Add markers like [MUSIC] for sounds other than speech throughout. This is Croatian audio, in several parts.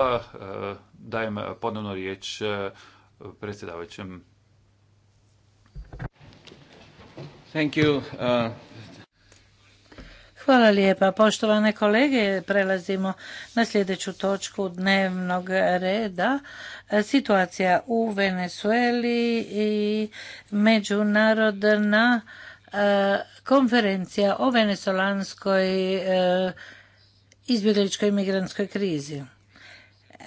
Pa, eh, dajem ponovno riječ eh, predsjedavajućem. Thank you. Eh. Hvala lijepa. Poštovane kolege, prelazimo na sljedeću točku dnevnog reda. Situacija u Venezueli i međunarodna konferencija o venezolanskoj izbjegličkoj i migrantskoj krizi.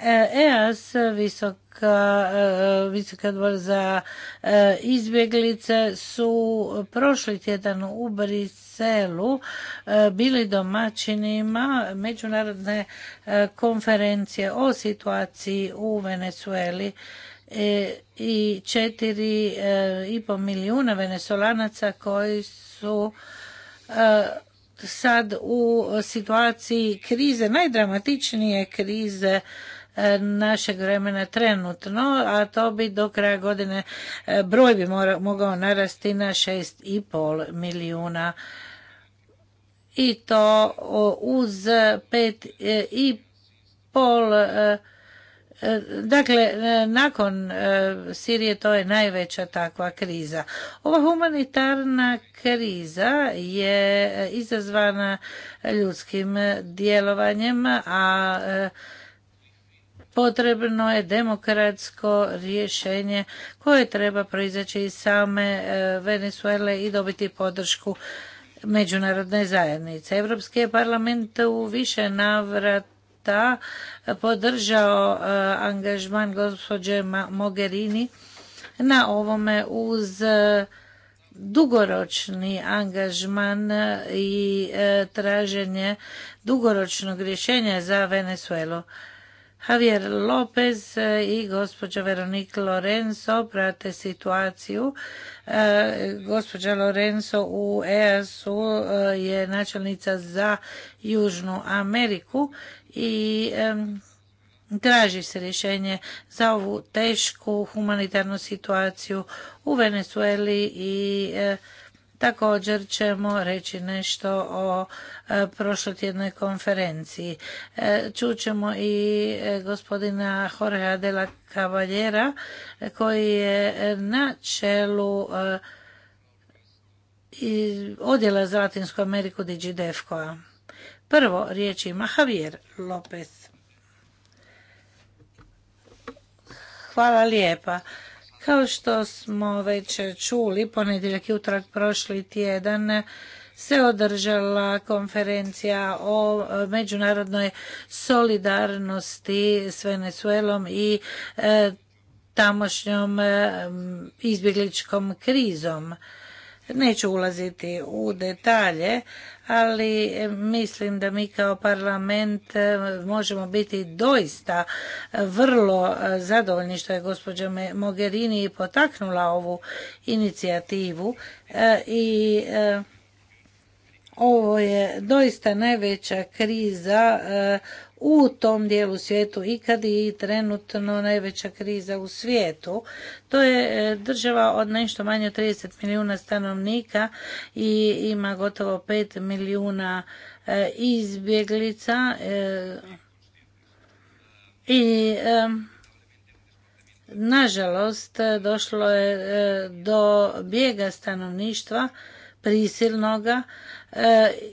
EAS, visoka, e, visoka dvor za e, izbjeglice, su prošli tjedan u Briselu e, bili domaćinima međunarodne konferencije o situaciji u Venezueli i četiri i po milijuna venezolanaca koji su sad u situaciji krize, najdramatičnije krize našeg vremena trenutno, a to bi do kraja godine e, broj bi mogao narasti na 6,5 milijuna i to uz 5,5 e, e, Dakle, nakon Sirije to je najveća takva kriza. Ova humanitarna kriza je izazvana ljudskim djelovanjem, a potrebno je demokratsko rješenje koje treba proizaći iz same e, Venezuele i dobiti podršku međunarodne zajednice. Europski je parlament u više navrata podržao e, angažman gospođe Mogherini na ovome uz e, dugoročni angažman i traženje dugoročnog rješenja za Venezuelu. Javier Lopez eh, i gospođa Veronika Lorenzo prate situaciju. Eh, gospođa Lorenzo u EAS-u eh, je načelnica za Južnu Ameriku i traži se rješenje za ovu tešku humanitarnu situaciju u Venezueli i Također ćemo reći nešto o e, prošlotjednoj konferenciji. E, Čućemo i e, gospodina Jorge de la Cavaljera koji je na čelu odjela za Latinsku Ameriku digi a Prvo riječ ima Javier Lopez. Hvala lijepa. Kao što smo već čuli, ponedjeljak i utrak prošli tjedan se održala konferencija o međunarodnoj solidarnosti s Venezuelom i e, tamošnjom e, izbjegličkom krizom. Neću ulaziti u detalje, ali mislim da mi kao parlament e, možemo biti doista vrlo e, zadovoljni što je gospođa Mogherini potaknula ovu inicijativu e, i ovo je doista najveća kriza u tom dijelu svijetu kad i trenutno najveća kriza u svijetu. To je e, država od nešto manje od 30 milijuna stanovnika i ima gotovo 5 milijuna e, izbjeglica e, i nažalost došlo je do bijega stanovništva prisilnoga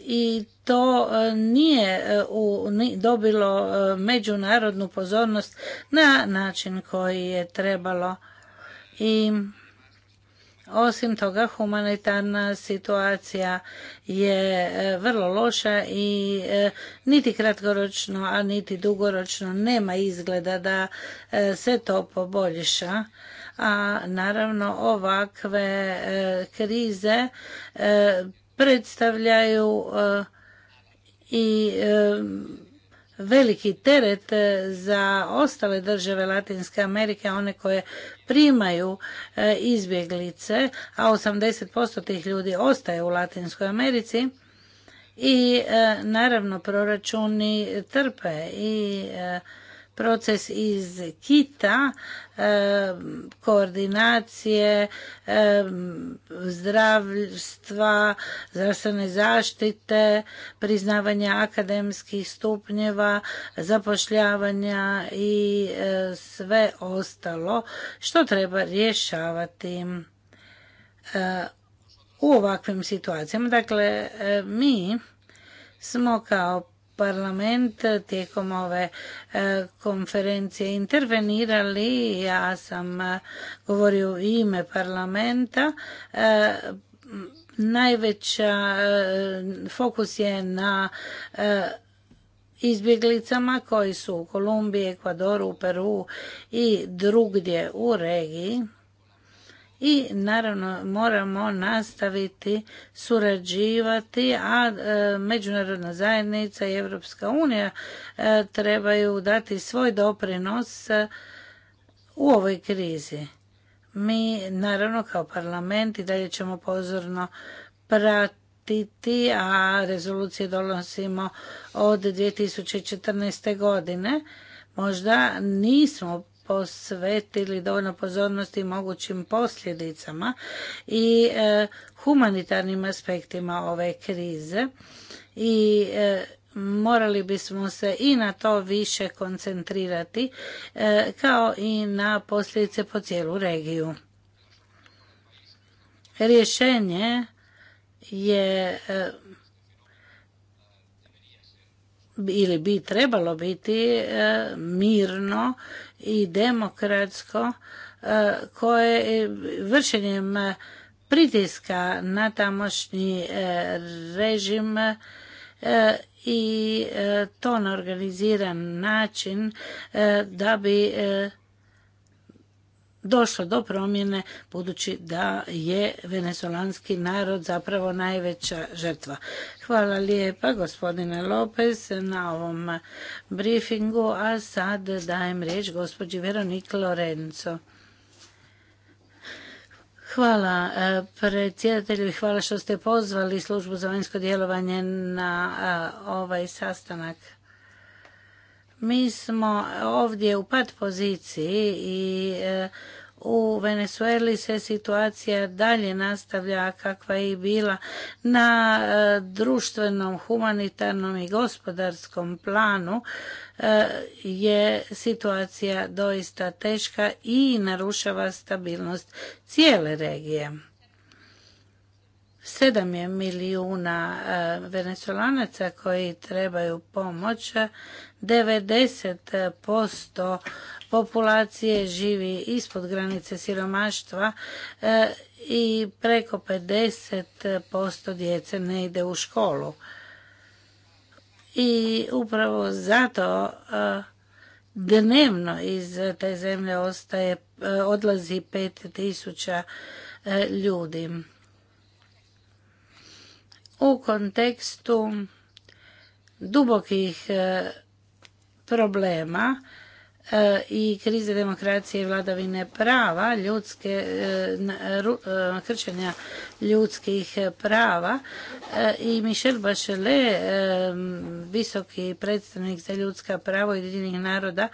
i to e, nije e, dobilo e, međunarodnu pozornost na način koji je trebalo i osim toga humanitarna situacija je vrlo loša i niti kratkoročno a niti dugoročno nema izgleda da se to poboljša a naravno ovakve krize predstavljaju i veliki teret e, za ostale države Latinske Amerike, one koje primaju e, izbjeglice, a 80% tih ljudi ostaje u Latinskoj Americi i e, naravno proračuni trpe i proces iz kita e, koordinacije e, zdravstva, zdravstvene zaštite, priznavanja akademskih stupnjeva, zapošljavanja i e, sve ostalo što treba rješavati u ovakvim situacijama. Dakle, mi smo kao parlament tijekom ove e, konferencije intervenirali. Ja sam e, govorio ime parlamenta. E, najveća fokus je na izbjeglicama koji su u Kolumbiji, Ekvadoru, Peru i drugdje u regiji i naravno moramo nastaviti surađivati, a e, međunarodna zajednica i Europska unija e, trebaju dati svoj doprinos e, u ovoj krizi. Mi naravno kao parlament i dalje ćemo pozorno pratiti, a rezolucije donosimo od 2014. godine. Možda nismo posvetili dovoljno pozornosti mogućim posljedicama i e, humanitarnim aspektima ove krize i e, morali bismo se i na to više koncentrirati e, kao i na posljedice po cijelu regiju. Rješenje je ili bi trebalo biti e, mirno i demokratsko e, koje vršenjem pritiska na tamošnji e, režim i to na organiziran način da bi došlo do promjene budući da je venezolanski narod zapravo najveća žrtva. Hvala lijepa gospodine Lopez na ovom briefingu, a sad dajem riječ gospođi Veronik Lorenzo. Hvala e, predsjedatelju i hvala što ste pozvali službu za vanjsko djelovanje na e, ovaj sastanak. Mi smo ovdje u pad poziciji i e, u Venezueli se situacija dalje nastavlja kakva je i bila na e, društvenom, humanitarnom i gospodarskom planu e, je situacija doista teška i narušava stabilnost cijele regije. Sedam je milijuna venezuelanaca koji trebaju pomoć 90% populacije živi ispod granice siromaštva e, i preko 50% djece ne ide u školu. I upravo zato e, dnevno iz te zemlje ostaje, e, odlazi 5000 ljudi. U kontekstu dubokih problema e, i krize demokracije i vladavine prava, ljudske, e, e, kršenja ljudskih prava i Michel Bachelet, visoki predstavnik za ljudska prava jedinih naroda,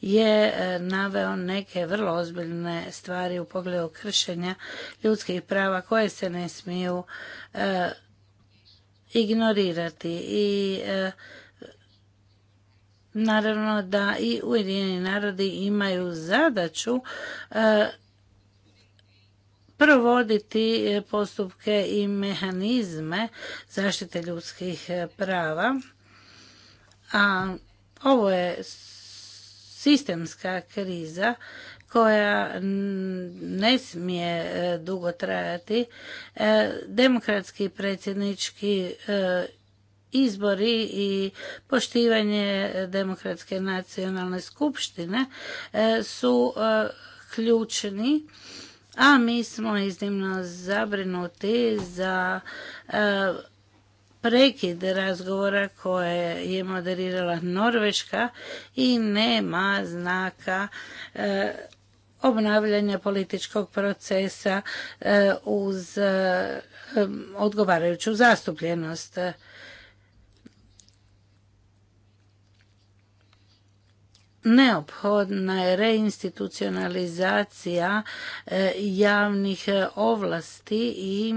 je naveo neke vrlo ozbiljne stvari u pogledu kršenja ljudskih prava koje se ne smiju ignorirati i Naravno da i Ujedinjeni narodi imaju zadaću e, provoditi e, postupke i mehanizme zaštite ljudskih e, prava. A ovo je sistemska kriza koja ne smije dugo trajati. Demokratski predsjednički izbori i poštivanje demokratske nacionalne skupštine e, su e, ključni a mi smo iznimno zabrinuti za e, prekid razgovora koje je moderirala Norveška i nema znaka obnavljanja političkog procesa uz odgovarajuću zastupljenost. neophodna je reinstitucionalizacija e, javnih e, ovlasti i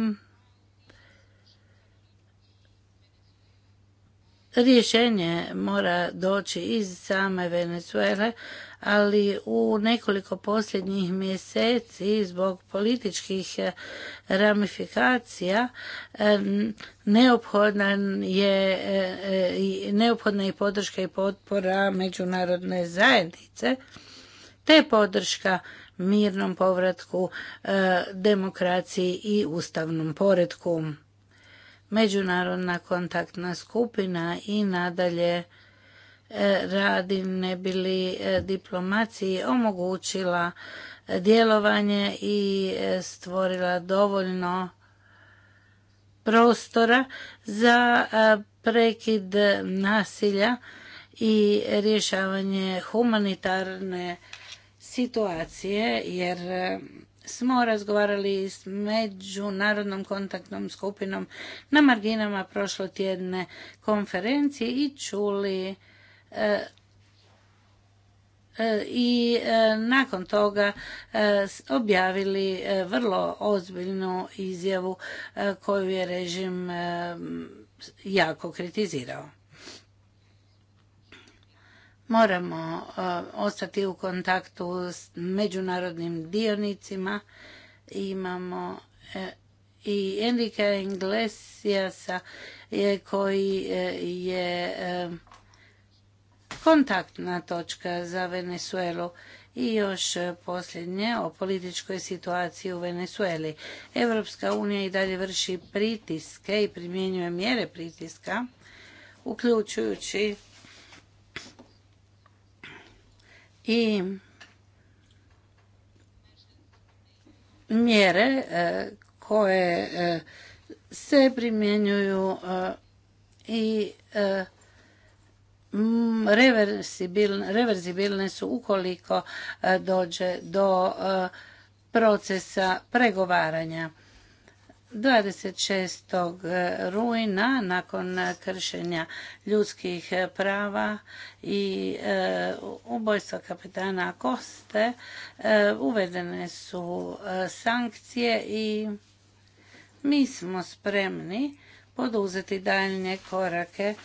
Rješenje mora doći iz same Venezuele, ali u nekoliko posljednjih mjeseci zbog političkih eh, ramifikacija eh, eh, neophodna je neophodna podrška i potpora međunarodne zajednice te podrška mirnom povratku demokraciji i ustavnom poretku međunarodna kontaktna skupina i nadalje e, radi ne bi e, diplomaciji omogućila e, djelovanje i stvorila dovoljno prostora za prekid nasilja i rješavanje humanitarne situacije jer smo razgovarali s međunarodnom kontaktnom skupinom na marginama prošlotjedne konferencije i čuli e, e, i e, nakon toga objavili vrlo ozbiljnu izjavu koju je režim jako kritizirao. Moramo e, ostati u kontaktu s međunarodnim dionicima. Imamo e, i Enrika Inglesiasa koji e, je kontaktna točka za Venezuelu. I još posljednje o političkoj situaciji u Venezueli. Europska unija i dalje vrši pritiske i primjenjuje mjere pritiska, uključujući i mjere e, koje e, se primjenjuju e, i reverzibilne, su ukoliko dođe do procesa pregovaranja. 26. rujna nakon kršenja ljudskih prava i e, ubojstva kapitana Koste e, uvedene su e, sankcije i mi smo spremni poduzeti daljnje korake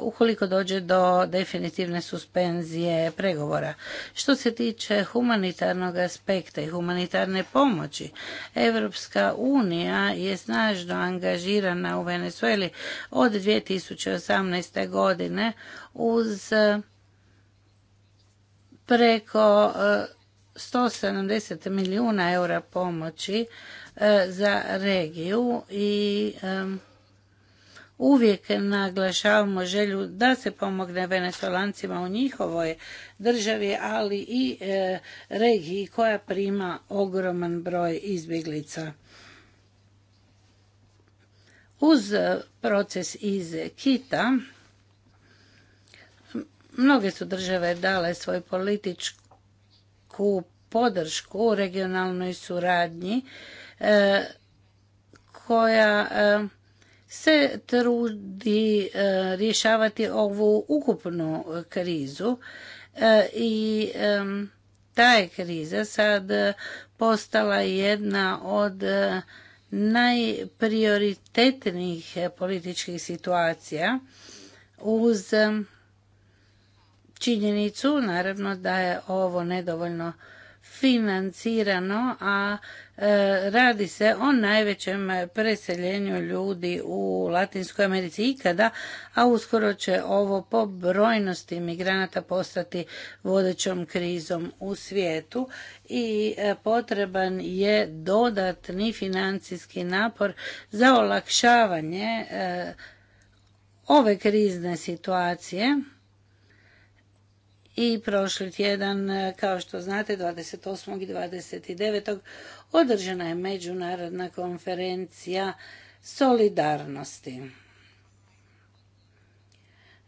ukoliko dođe do definitivne suspenzije pregovora. Što se tiče humanitarnog aspekta i humanitarne pomoći, Evropska unija je snažno angažirana u Venezueli od 2018. godine uz e, preko 170 e, milijuna eura pomoći e, za regiju i uvijek naglašavamo želju da se pomogne venezolancima u njihovoj državi, ali i e, regiji koja prima ogroman broj izbjeglica. Uz proces iz Kita, mnoge su države dale svoju političku podršku u regionalnoj suradnji e, koja e, se trudi e, rješavati ovu ukupnu krizu e, i e, ta je kriza sad postala jedna od najprioritetnijih političkih situacija uz činjenicu naravno da je ovo nedovoljno financirano, a E, radi se o najvećem preseljenju ljudi u Latinskoj Americi ikada, a uskoro će ovo po brojnosti migranata postati vodećom krizom u svijetu i e, potreban je dodatni financijski napor za olakšavanje e, ove krizne situacije i prošli tjedan, e, kao što znate, 28. i 29. održana je međunarodna konferencija solidarnosti.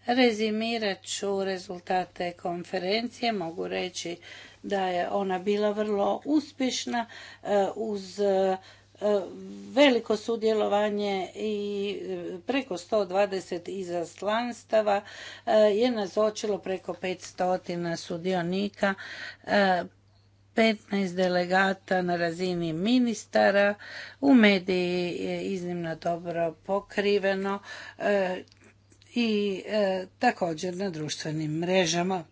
Rezimirat ću rezultate konferencije. Mogu reći da je ona bila vrlo uspješna e, uz E, veliko sudjelovanje i e, preko 120 izaslanstava e, je nazočilo preko 500 sudionika, 15 delegata na razini ministara, u mediji je iznimno dobro pokriveno i također na društvenim mrežama.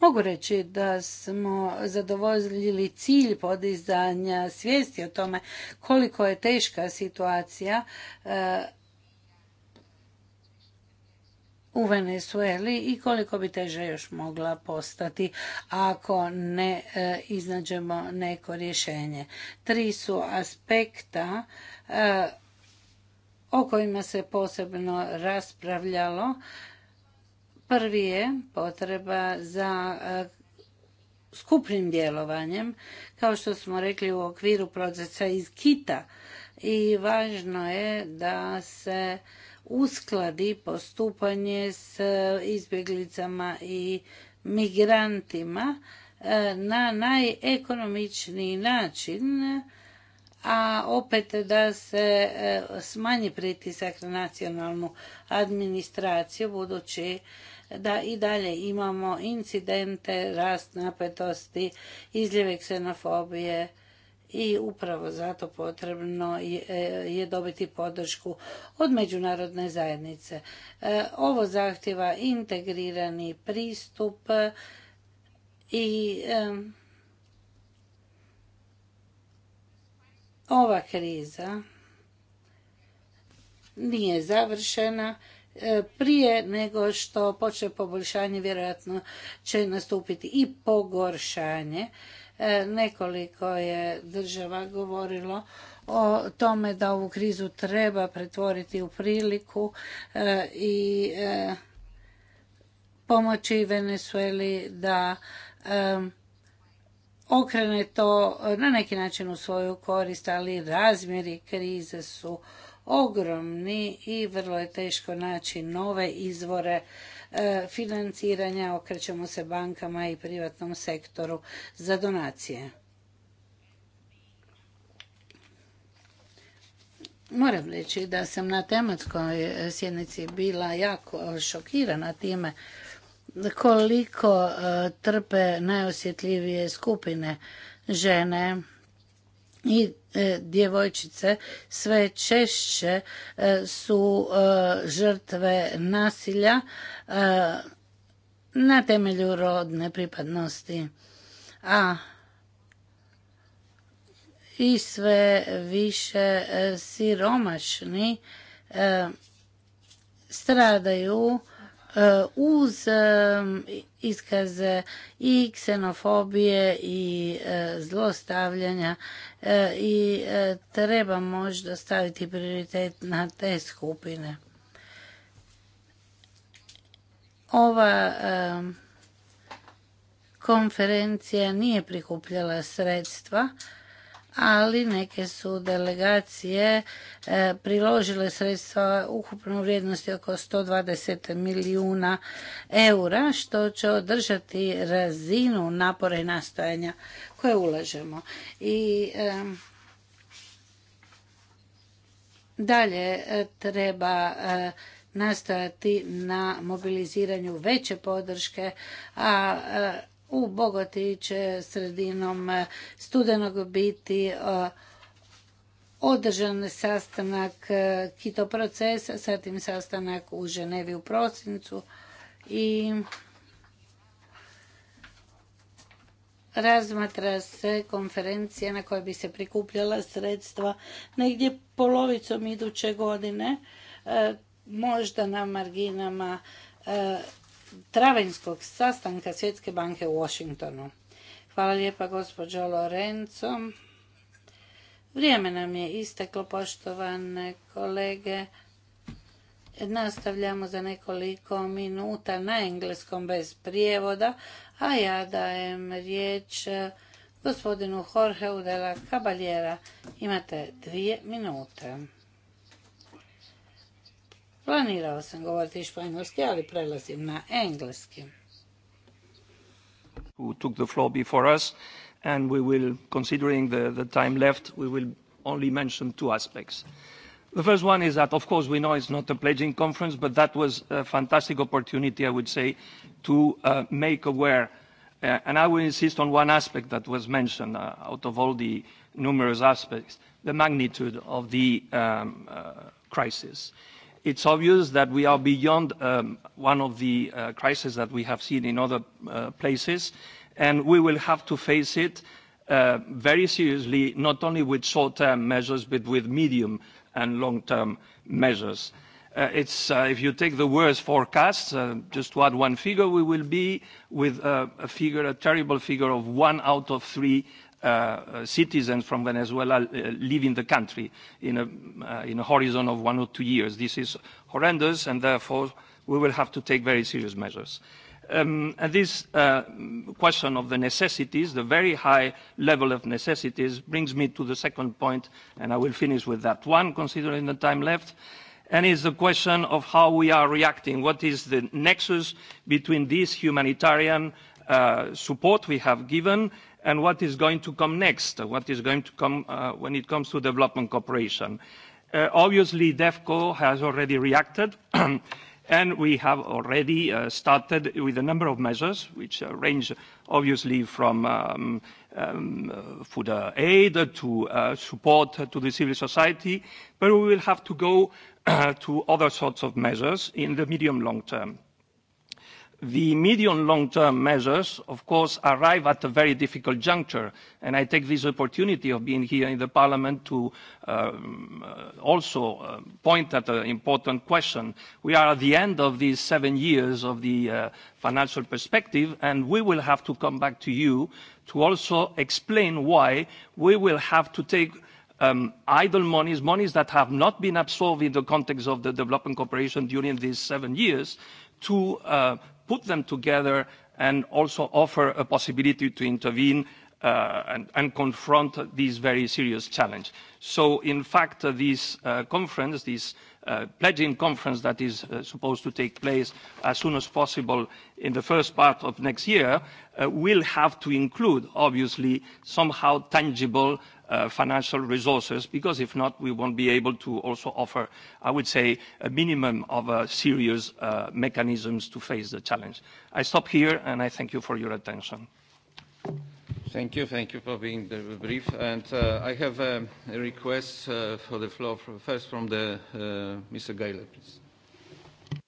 Mogu reći da smo zadovoljili cilj podizanja svijesti o tome koliko je teška situacija eh, u Venezueli i koliko bi teže još mogla postati ako ne eh, iznađemo neko rješenje. Tri su aspekta eh, o kojima se posebno raspravljalo Prvi je potreba za e, skupnim djelovanjem, kao što smo rekli u okviru procesa iz Kita. I važno je da se uskladi postupanje s izbjeglicama i migrantima e, na najekonomičniji način, a opet da se e, smanji pritisak na nacionalnu administraciju, budući da i dalje imamo incidente, rast napetosti, izljeve ksenofobije i upravo zato potrebno je dobiti podršku od međunarodne zajednice. E, ovo zahtjeva integrirani pristup i ova kriza nije završena E, prije nego što počne poboljšanje vjerojatno će nastupiti i pogoršanje. E, nekoliko je država govorilo o tome da ovu krizu treba pretvoriti u priliku e, i pomoći Venezueli da okrene to na neki način u svoju korist, ali razmjeri krize su ogromni i vrlo je teško naći nove izvore e, financiranja, okrećemo se bankama i privatnom sektoru za donacije. Moram reći da sam na tematskoj e, sjednici bila jako šokirana time koliko e, trpe najosjetljivije skupine žene, i e, djevojčice sve češće e, su e, žrtve nasilja na temelju rodne pripadnosti a i sve više siromašni stradaju E, uz e, iskaze i ksenofobije i e, zlostavljanja i treba možda staviti prioritet na te skupine. Ova konferencija nije prikupljala sredstva ali neke su delegacije e, priložile sredstva ukupno vrijednosti oko 120 milijuna eura, što će održati razinu napora i nastojanja koje ulažemo. I e, dalje e, treba nastojati na mobiliziranju veće podrške, a u Bogoti će sredinom eh, studenog biti eh, održan sastanak eh, Kito procesa, zatim sastanak u Ženevi u prosincu i razmatra se konferencija na kojoj bi se prikupljala sredstva negdje polovicom iduće godine, možda na marginama Travenskog sastanka Svjetske banke u Washingtonu. Hvala lijepa gospođo Lorenzo. Vrijeme nam je isteklo, poštovane kolege. Nastavljamo za nekoliko minuta na engleskom bez prijevoda, a ja dajem riječ gospodinu Jorgeu de la Imate dvije minute. Planirao sam govoriti španjolski, ali prelazim na engleski. Who took the floor before us and we will, considering the, the time left, we will only mention two aspects. The first one is that, of course, we know it's not a pledging conference, but that was a fantastic opportunity, I would say, to uh, make aware. Uh, and I will insist on one aspect that was mentioned uh, out of all the numerous aspects, the magnitude of the um, uh, crisis. It's obvious that we are beyond um, one of the uh, crises that we have seen in other uh, places, and we will have to face it uh, very seriously, not only with short-term measures, but with medium and long-term measures. It's, if you take the worst forecast, just to add one figure, we will be with a figure, a terrible figure of one out of three uh, citizens from Venezuela uh, leaving the country in a, uh, in a horizon of one or two years. This is horrendous, and therefore we will have to take very serious measures. Um, and this uh, question of the necessities, the very high level of necessities, brings me to the second point, and I will finish with that one, considering the time left, and is the question of how we are reacting. What is the nexus between this humanitarian uh, support we have given and what is going to come next, what is going to come uh, when it comes to development cooperation. Uh, obviously, DevCo has already reacted, [CLEARS THROAT] and we have already uh, started with a number of measures, which range obviously from um, um, food aid to support to the civil society, but we will have to go [CLEARS THROAT] to other sorts of measures in the medium long term the medium long term measures of course arrive at a very difficult juncture and i take this opportunity of being here in the parliament to um, uh, also uh, point at an important question we are at the end of these seven years of the uh, financial perspective and we will have to come back to you to also explain why we will have to take um, idle monies, monies that have not been absorbed in the context of the development cooperation during these seven years, to put them together and also offer a possibility to intervene uh, and, and confront this very serious challenge. So in fact, uh, this uh, conference, this Uh, pledging conference that is uh, supposed to take place as soon as possible in the first part of next year uh, will have to include, obviously, somehow tangible financial resources, because if not, we won't be able to also offer, I would say, a minimum of serious mechanisms to face the challenge. I stop here, and I thank you for your attention. Thank you. Thank you for being brief. And uh, I have um, a request uh, for the floor from, first from the uh, Mr. Geiler, please.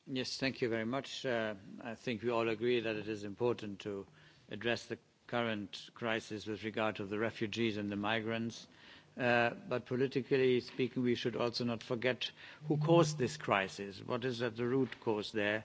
Yes, thank you very much. Uh, I think we all agree that it is important to address the current crisis with regard to the refugees and the migrants. Uh, but politically speaking, we should also not forget who caused this crisis. What is at the root cause there?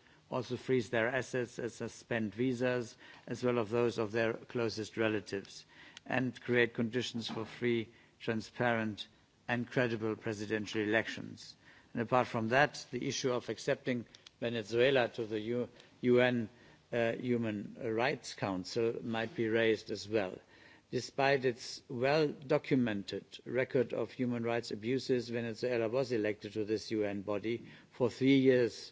also freeze their assets as suspend visas, as well as those of their closest relatives, and create conditions for free, transparent, and credible presidential elections. And apart from that, the issue of accepting Venezuela to the UN uh, Human Rights Council might be raised as well. Despite its well-documented record of human rights abuses, Venezuela was elected to this UN body for three years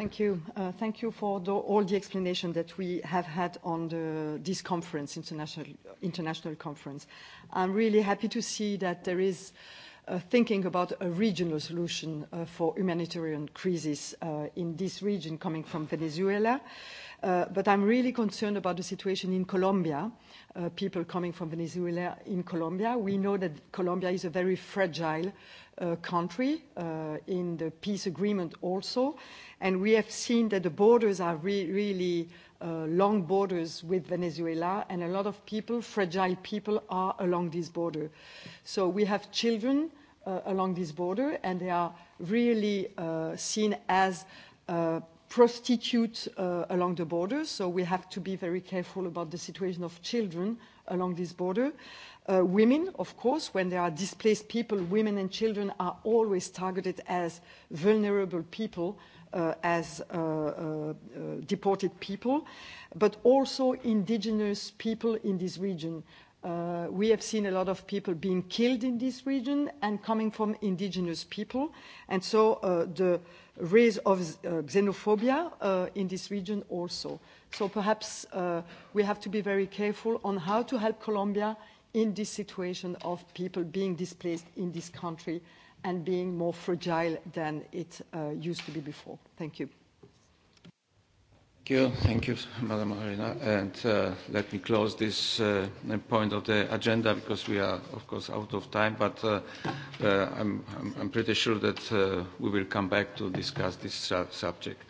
Thank you. Uh, thank you for all the explanation that we have had on the, this conference, international, international conference. I'm really happy to see that there is uh, thinking about a regional solution uh, for humanitarian crisis in this region coming from Venezuela. But I'm really concerned about the situation in Colombia, people coming from Venezuela in Colombia. We know that Colombia is a very fragile Uh, country uh, in the peace agreement also. And we have seen that the borders are re really uh, long borders with Venezuela and a lot of people, fragile people, are along this border. So we have children uh, along this border and they are really uh, seen as uh, prostitutes uh, along the border. So we have to be very careful about the situation of children along this border. Uh, women, of course, when there are displaced people, women and children are always targeted as vulnerable people, uh, as uh, deported people, but also indigenous people in this region. We have seen a lot of people being killed in this region and coming from indigenous people. And so the rise of xenophobia in this region also. So perhaps we have to be very careful on how to help Colombia in this situation of people being displaced in this country and being more fragile than it uh, used to be before. Thank you. Thank you, thank you, Madam Arena. And uh, let me close this uh, point of the agenda because we are, of course, out of time. But uh, uh, I'm, I'm, I'm pretty sure that uh, we will come back to discuss this su subject.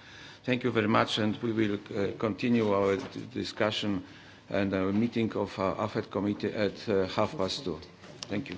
Thank you very much, and we will uh, continue our discussion and a meeting of our uh, AFET committee at uh, half past two. Thank you.